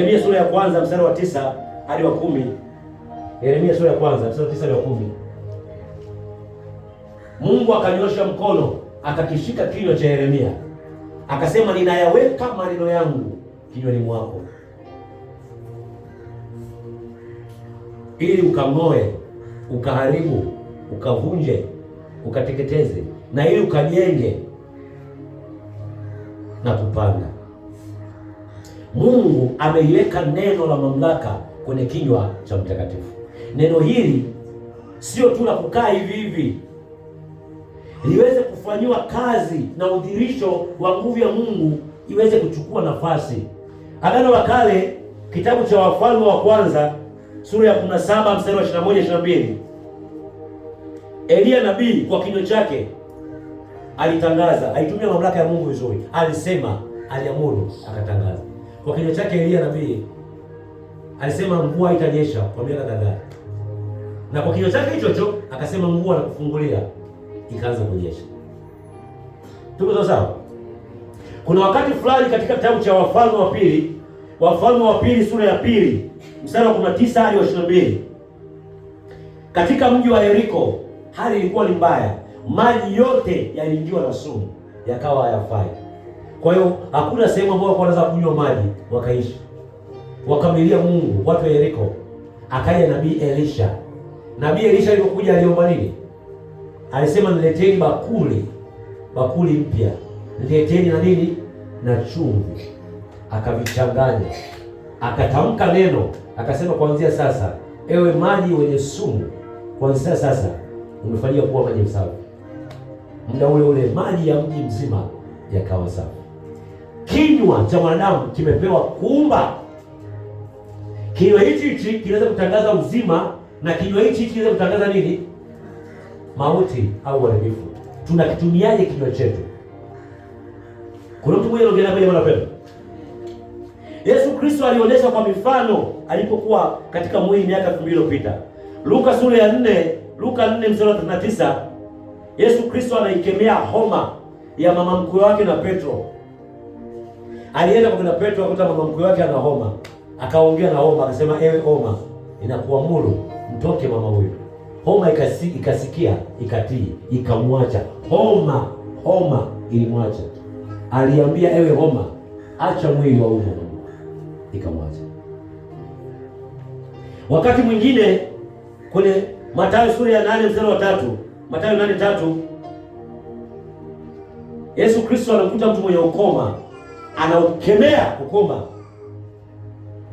Yeremia sura ya kwanza mstari wa tisa hadi wa kumi. Yeremia sura ya kwanza mstari wa tisa hadi wa kumi. Mungu akanyosha mkono akakishika kinywa cha Yeremia akasema, ninayaweka maneno yangu kinywani mwako ili ukang'oe, ukaharibu, ukavunje, ukateketeze na ili ukajenge na kupanda Mungu ameiweka neno la mamlaka kwenye kinywa cha mtakatifu. Neno hili sio tu la kukaa hivi hivi, liweze kufanyiwa kazi na udhirisho wa nguvu ya Mungu iweze kuchukua nafasi. Agano la Kale, kitabu cha Wafalme wa kwanza sura ya 17 mstari wa 21 22, Eliya nabii kwa kinywa chake alitangaza, alitumia mamlaka ya Mungu vizuri, alisema, aliamuru, akatangaza. Kwa kinywa chake Elia nabii alisema mvua itanyesha kwa miaka kadhaa, na kwa kinywa chake hicho hicho akasema mvua kufungulia ikaanza kunyesha. Tuko sawa? Kuna wakati fulani katika kitabu cha Wafalme wa Pili, Wafalme wa Pili sura ya pili mstari wa 19 hadi wa 22, katika mji wa Yeriko hali ilikuwa ni mbaya, maji yote yaliingiwa na sumu, yakawa hayafai kwa hiyo hakuna sehemu ambayo walikuwa wanaweza kunywa maji wakaishi. Wakamilia Mungu watu wa Yeriko, akaja nabii Elisha. Nabii Elisha alipokuja aliomba nini? Alisema nileteni bakuli, bakuli mpya, nileteni na nini na chumvi. Akavichanganya, akatamka neno, akasema kuanzia sasa, ewe maji wenye sumu, kuanzia sasa umefanyia kuwa maji msafi. Muda ule ule maji ya mji mzima yakawa safi kinywa cha mwanadamu kimepewa kuumba. Kinywa hichi hichi kinaweza kutangaza uzima na kinywa hichi hichi kinaweza kutangaza nini? Mauti au uharibifu. Tunakitumiaje kinywa chetu? Kuna mtu mmoja anaongelea kwenye mwanapendo. Yesu Kristo alionyesha kwa mifano alipokuwa katika mwili miaka 2000 iliyopita. Luka sura ya 4, Luka 4 mstari wa 39, Yesu Kristo anaikemea homa ya mama mkwe wake na Petro alienda kwa kina Petro akakuta mama mkwe wake ana homa, akaongea na homa akasema, ewe homa, inakuamuru mtoke mama huyo. Homa ikasi, ikasikia ikatii, ikamwacha homa. Homa ilimwacha, aliambia ewe homa, acha mwili wa uvu, ikamwacha. Wakati mwingine kwenye Mathayo sura ya nane mstari wa tatu Mathayo nane tatu Yesu Kristo anakuta mtu mwenye ukoma anaukemea ukoma,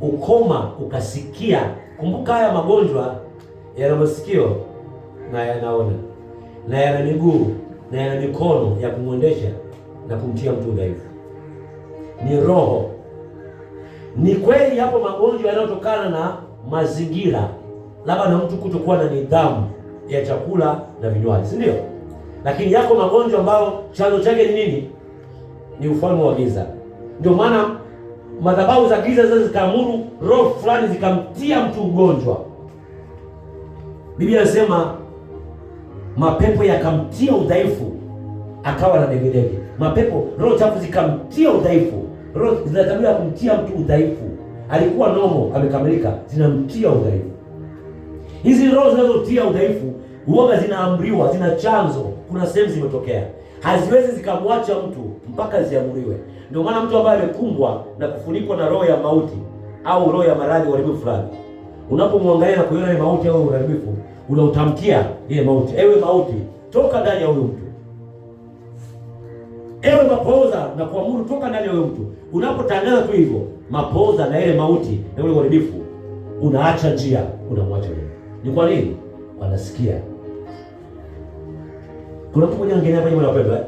ukoma ukasikia. Kumbuka haya magonjwa yana masikio na yanaona na yana miguu na yana mikono ya kumwendesha na kumtia mtu dhaifu, ni roho. Ni kweli hapo magonjwa yanayotokana na mazingira, labda na mtu kutokuwa na nidhamu ya chakula na vinywaji, si ndio? Lakini yako magonjwa ambayo chanzo chake ni nini? Ni ufalme wa giza. Ndio maana madhabahu za giza zile zikaamuru roho fulani zikamtia mtu ugonjwa. Biblia inasema mapepo yakamtia udhaifu, akawa na degedege. Mapepo roho chafu zikamtia udhaifu. Roho zinatabia kumtia mtu udhaifu, alikuwa nomo, amekamilika, zinamtia udhaifu. Hizi roho zinazotia udhaifu uoga zinaamriwa, zina chanzo, kuna sehemu zimetokea, haziwezi zikamwacha mtu mpaka ziamuriwe. Ndio maana mtu ambaye amekumbwa na kufunikwa na roho ya mauti au roho ya maradhi uharibifu fulani, unapomwangalia na kuiona mauti au uharibifu, unautamkia ile mauti, ewe mauti, toka ndani ya huyu mtu, ewe mapooza, na kuamuru toka ndani ya huyo mtu. Unapotangaza tu hivyo mapooza na ile mauti na ule uharibifu, unaacha njia, unamwacha yeye. Ni kwa nini? Wanasikia kuna mtu mmoja angelia hapa nyuma, napenda eh?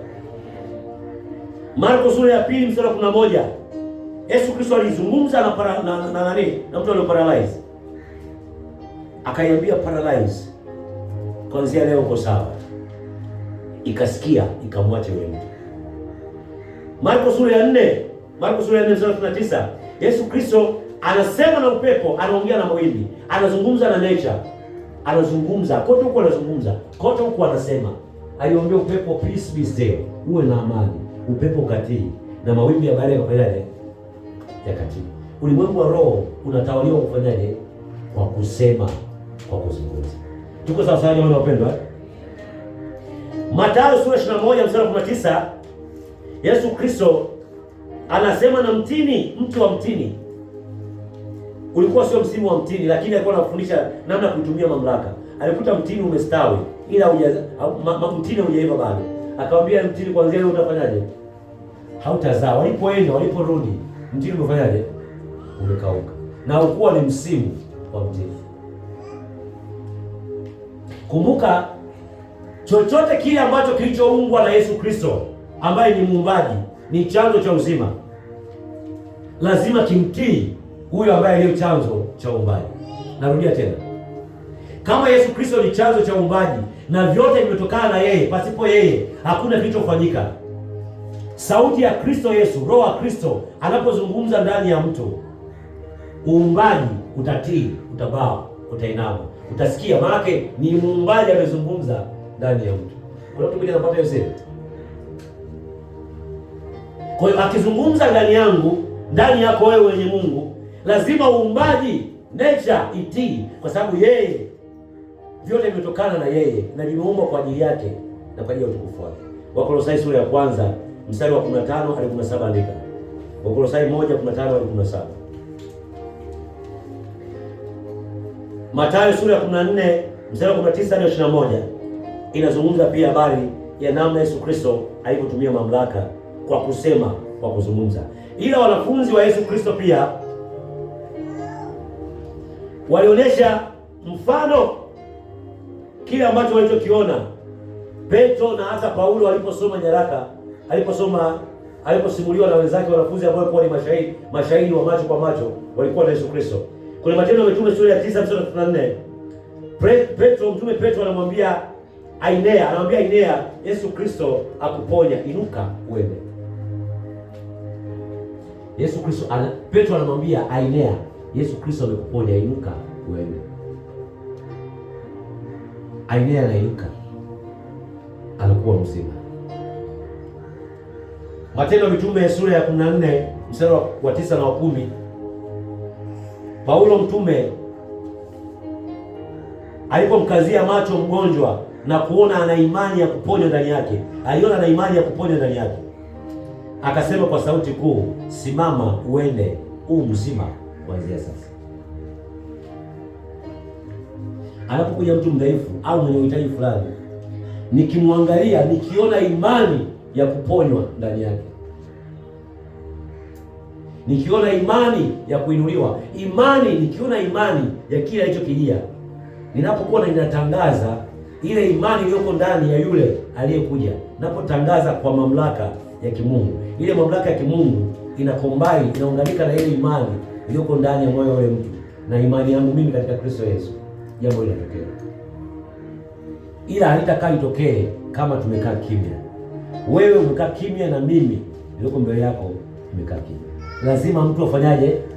Marko sura ya pili mstari wa kumi na moja Yesu Kristo alizungumza na para, na, na, na, nani na mtu aliyoparalyze akaiambia paralyze, kuanzia leo uko sawa. Ikasikia ikamwacha yule mtu. Marko sura ya nne Marko sura ya nne mstari wa tisa Yesu Kristo anasema na upepo, anaongea na mawimbi, anazungumza na nature, anazungumza kote huku, anazungumza kote huku, anasema aliombea upepo, peace be still, uwe na amani upepo ukatii na mawimbi ya bahari yakafanyaje? Yakatii. Ulimwengu wa roho unatawaliwa kufanyaje? Kwa kusema, kwa kuzungumza. Tuko sawa sawa jamani wapendwa? Mathayo sura 21 mstari wa 19, Yesu Kristo anasema na mtini, mtu wa mtini ulikuwa sio msimu wa mtini, lakini alikuwa anafundisha namna ya kutumia mamlaka. Alikuta mtini umestawi, ila mtini hujaiva bado Akamwambia mtini, kwanzia leo utafanyaje? Hautazaa. Walipoenda waliporudi, mtini umefanyaje? Umekauka, na ukuwa ni msimu wa mtini. Kumbuka, chochote kile ambacho kilichoungwa na Yesu Kristo ambaye ni muumbaji, ni chanzo cha uzima, lazima kimtii huyo ambaye ndiyo chanzo cha uumbaji. Narudia tena kama Yesu Kristo ni chanzo cha uumbaji na vyote vimetokana na yeye, pasipo yeye hakuna kilichofanyika. Sauti ya Kristo Yesu, Roho wa Kristo anapozungumza ndani ya mtu, uumbaji utatii, utabawa utainama, utasikia. Maanake ni muumbaji amezungumza ndani ya mtu. Kuna mtu mwingine anapata hiyo sehemu. Kwa hiyo akizungumza ndani yangu, ndani yako wewe mwenye Mungu, lazima uumbaji nature itii, kwa sababu yeye vyote vimetokana na yeye na vimeumbwa kwa ajili yake na kwa ajili ya utukufu wake. Wakolosai sura ya kwanza mstari wa 15 hadi 17, andika Wakolosai 1:15 hadi 17. Mathayo sura ya 14 mstari wa 19 hadi 21 inazungumza pia habari ya namna Yesu Kristo alivyotumia mamlaka kwa kusema, kwa kuzungumza. Ila wanafunzi wa Yesu Kristo pia walionyesha mfano kile ambacho walichokiona Petro na hata Paulo aliposoma nyaraka, aliposoma aliposimuliwa na wenzake wanafunzi ambao walikuwa ni mashahidi, mashahidi wa macho kwa macho walikuwa na Yesu Kristo. Kwenye Matendo ya Mitume sura ya 9 mstari wa 34, Petro mtume Petro anamwambia Ainea, anamwambia Ainea, Yesu Kristo akuponya, inuka uende. Yesu Kristo ana, Petro anamwambia Ainea, Yesu Kristo amekuponya, inuka uende. Ainea anainuka, alikuwa mzima. Matendo ya Mitume sura ya 14 mstari wa tisa na wa kumi, Paulo mtume alipomkazia macho mgonjwa na kuona ana imani ya kuponywa ndani yake, aliona ana imani ya kuponywa ndani yake, akasema kwa sauti kuu, simama uende, u mzima kuanzia sasa. anapokuja mtu mdhaifu au mwenye uhitaji fulani, nikimwangalia, nikiona imani ya kuponywa ndani yake, nikiona imani ya kuinuliwa, imani, nikiona imani ya kile alichokijia, ninapokuwa ninatangaza ile imani iliyoko ndani ya yule aliyekuja, napotangaza kwa mamlaka ya kimungu, ile mamlaka ya kimungu inakombai, inaunganika na ile imani iliyoko ndani ya moyo wa ule mtu na imani yangu mimi katika Kristo Yesu jambo hili litokee, ila halitakaa litokee kama tumekaa kimya. Wewe umekaa kimya na mimi nilioko mbele yako nimekaa kimya. Lazima mtu afanyaje?